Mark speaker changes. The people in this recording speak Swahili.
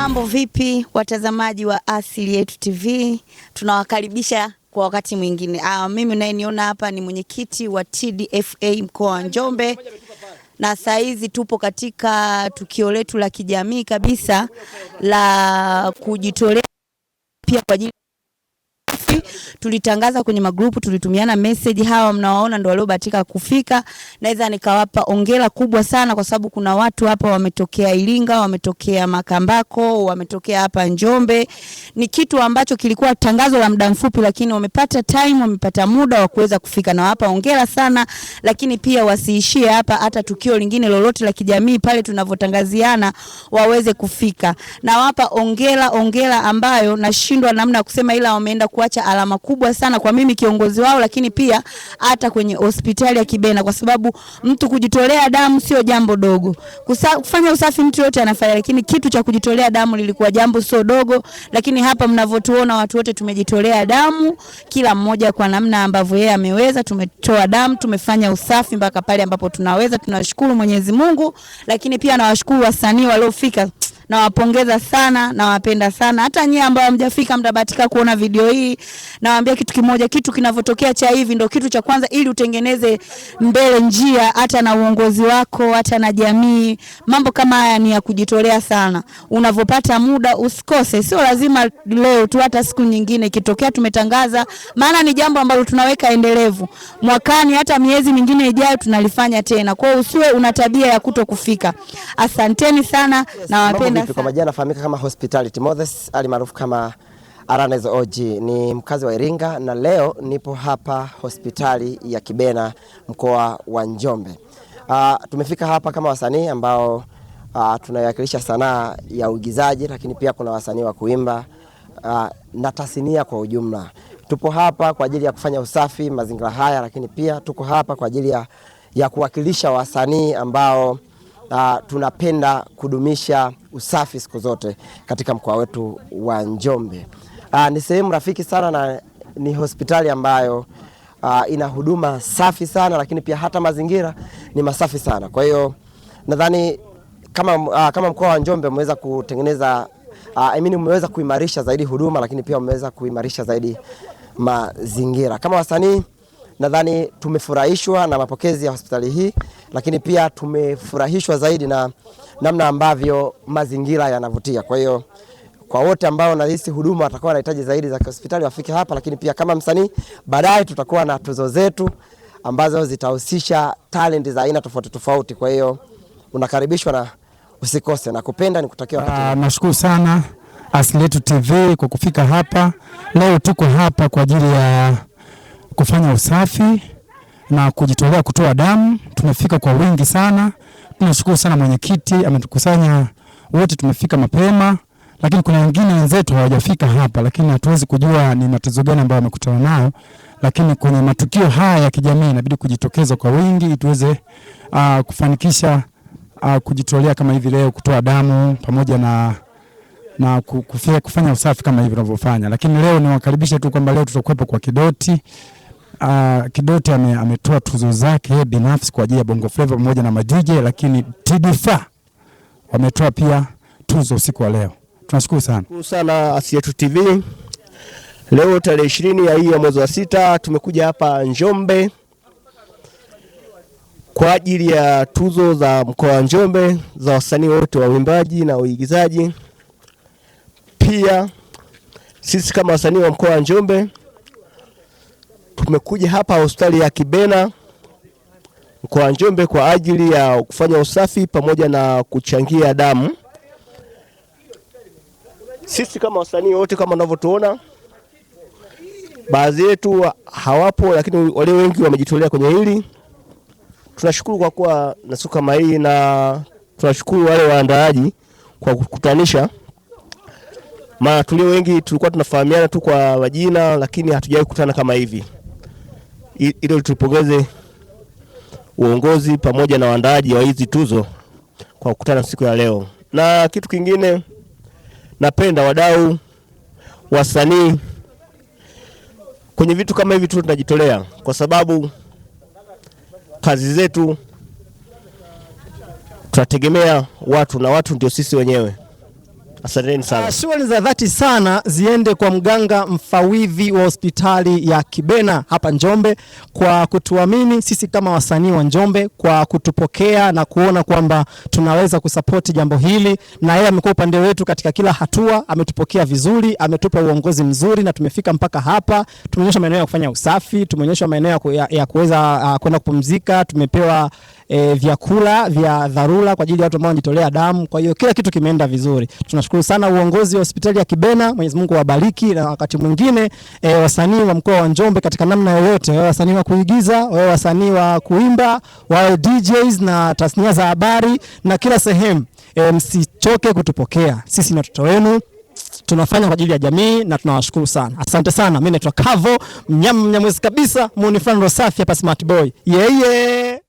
Speaker 1: Mambo vipi, watazamaji wa Asili Yetu TV, tunawakaribisha kwa wakati mwingine. Ah, mimi unayeniona hapa ni mwenyekiti wa TDFA mkoa wa Njombe, na sahizi tupo katika tukio letu la kijamii kabisa la kujitolea pia kwa ajili haitoshi. Tulitangaza kwenye magrupu, tulitumiana message. Hawa mnaoona ndio waliobahatika kufika, naweza nikawapa ongera kubwa sana, kwa sababu kuna watu hapa wametokea Iringa, wametokea Makambako, wametokea hapa Njombe. Ni kitu ambacho kilikuwa tangazo la muda mfupi, lakini wamepata time, wamepata muda wa kuweza kufika, na wapa ongera sana, lakini pia wasiishie hapa, hata tukio lingine lolote la kijamii pale tunavyotangaziana waweze kufika, na wapa ongera ongera ambayo nashindwa namna ya kusema, ila wameenda kuacha wameacha alama kubwa sana kwa mimi kiongozi wao, lakini pia hata kwenye hospitali ya Kibena, kwa sababu mtu kujitolea damu sio jambo dogo. Kusa, kufanya usafi mtu yote anafanya, lakini kitu cha kujitolea damu lilikuwa jambo sio dogo. Lakini hapa mnavyotuona watu wote tumejitolea damu, kila mmoja kwa namna ambavyo yeye ameweza. Tumetoa damu, tumefanya usafi mpaka pale ambapo tunaweza. Tunashukuru Mwenyezi Mungu, lakini pia nawashukuru wasanii waliofika nawapongeza sana, nawapenda sana. Hata nyie ambao hamjafika mtabahatika kuona video hii, nawaambia kitu kimoja, kitu kinavyotokea cha hivi ndio kitu cha kwanza, ili utengeneze mbele njia, hata na uongozi wako, hata na jamii. Mambo kama haya ni ya kujitolea sana. Unavyopata muda usikose, sio lazima leo tu, hata siku nyingine ikitokea tumetangaza, maana ni jambo ambalo tunaweka endelevu mwakani, hata miezi mingine ijayo tunalifanya tena. Kwa hiyo usiwe una tabia ya kuto kufika. Asanteni sana, nawapenda. Malipi
Speaker 2: kwa majina anafahamika kama Hospitality Moses maarufu kama Arana's OG. Ni mkazi wa Iringa na leo nipo hapa hospitali ya Kibena mkoa wa Njombe. Uh, tumefika hapa kama wasanii ambao uh, ah, tunaiwakilisha sanaa ya uigizaji lakini pia kuna wasanii wa kuimba uh, na tasnia kwa ujumla. Tupo hapa kwa ajili ya kufanya usafi mazingira haya, lakini pia tuko hapa kwa ajili ya, ya kuwakilisha wasanii ambao uh, tunapenda kudumisha usafi siku zote katika mkoa wetu wa Njombe. Uh, ni sehemu rafiki sana na ni hospitali ambayo uh, ina huduma safi sana, lakini pia hata mazingira ni masafi sana. Kwa hiyo nadhani kama, uh, kama mkoa wa Njombe umeweza kutengeneza uh, I mean umeweza kuimarisha zaidi huduma, lakini pia umeweza kuimarisha zaidi mazingira kama wasanii nadhani tumefurahishwa na mapokezi ya hospitali hii, lakini pia tumefurahishwa zaidi na namna ambavyo mazingira yanavutia. Kwa hiyo kwa wote ambao nahisi huduma watakuwa wanahitaji zaidi za hospitali wafike hapa, lakini pia kama msanii, baadaye tutakuwa na tuzo zetu ambazo zitahusisha talenti za aina tofauti tofauti. Kwa hiyo unakaribishwa na usikose na kupenda nikutakia
Speaker 3: wakati. Ah, nashukuru sana Asili Yetu TV kwa kufika hapa leo. Tuko hapa kwa ajili ya kufanya usafi na kujitolea kutoa damu. Tumefika kwa wingi sana, tunashukuru sana mwenyekiti, ametukusanya wote, tumefika mapema, lakini kuna wengine wenzetu hawajafika hapa, lakini hatuwezi kujua ni matatizo gani ambayo wamekutana nayo, lakini kwenye matukio haya ya kijamii inabidi kujitokeza kwa wingi ili tuweze uh, kufanikisha uh, kujitolea kama hivi leo kutoa damu pamoja na na kufanya usafi kama hivi tunavyofanya, lakini leo niwakaribisha tu kwamba leo tutakuwepo kwa Kidoti. Uh, ah, Kidoti ametoa tuzo zake binafsi kwa ajili ya Bongo Flava pamoja na Majije, lakini TDFA wametoa pia tuzo usiku wa leo. Tunashukuru sana
Speaker 4: sana Asili Yetu TV. Leo tarehe ishirini ya hii ya mwezi wa sita tumekuja hapa Njombe kwa ajili ya tuzo za mkoa wa Njombe za wasanii wote wa uimbaji na uigizaji. Pia sisi kama wasanii wa mkoa wa Njombe Tumekuja hapa hospitali ya Kibena mkoa Njombe kwa ajili ya kufanya usafi pamoja na kuchangia damu. Sisi kama wasanii wote kama unavyotuona, baadhi yetu hawapo, lakini wale wengi wamejitolea kwenye hili. Tunashukuru kwa kuwa na siku kama hii, na tunashukuru wale waandaaji kwa kukutanisha, maana tulio wengi tulikuwa tunafahamiana tu kwa majina, lakini hatujawahi kukutana kama hivi hilo tupongeze uongozi pamoja na waandaaji wa hizi tuzo kwa kukutana siku ya leo. Na kitu kingine, napenda wadau wasanii kwenye vitu kama hivi tu tunajitolea, kwa sababu kazi zetu tunategemea watu na watu ndio sisi wenyewe. Asanteni sana. Uh,
Speaker 5: shughuli za dhati sana ziende kwa mganga mfawidhi wa hospitali ya Kibena hapa Njombe kwa kutuamini sisi kama wasanii wa Njombe, kwa kutupokea na kuona kwamba tunaweza kusapoti jambo hili, na yeye amekuwa upande wetu katika kila hatua. Ametupokea vizuri, ametupa uongozi mzuri na tumefika mpaka hapa. tumeonyeshwa maeneo ya kufanya usafi, tumeonyesha maeneo ya kuweza ah, kwenda kupumzika, tumepewa e, vyakula vya dharura kwa ajili ya watu ambao wanajitolea damu. Kwa hiyo kila kitu kimeenda vizuri. Tunashukuru sana uongozi wa hospitali ya Kibena, Mwenyezi Mungu awabariki. Na wakati mwingine e, wasanii wa mkoa wa Njombe katika namna yoyote, wao wasanii wa kuigiza, wao wasanii wa kuimba, wao DJs na tasnia za habari na kila sehemu e, msichoke kutupokea sisi ni watoto wenu tunafanya kwa ajili ya jamii na tunawashukuru sana, asante sana. Mimi naitwa Kavo Mnyama Mnyamwezi kabisa, muonifano Rosafi hapa Smart Boy yeye yeah, yeah.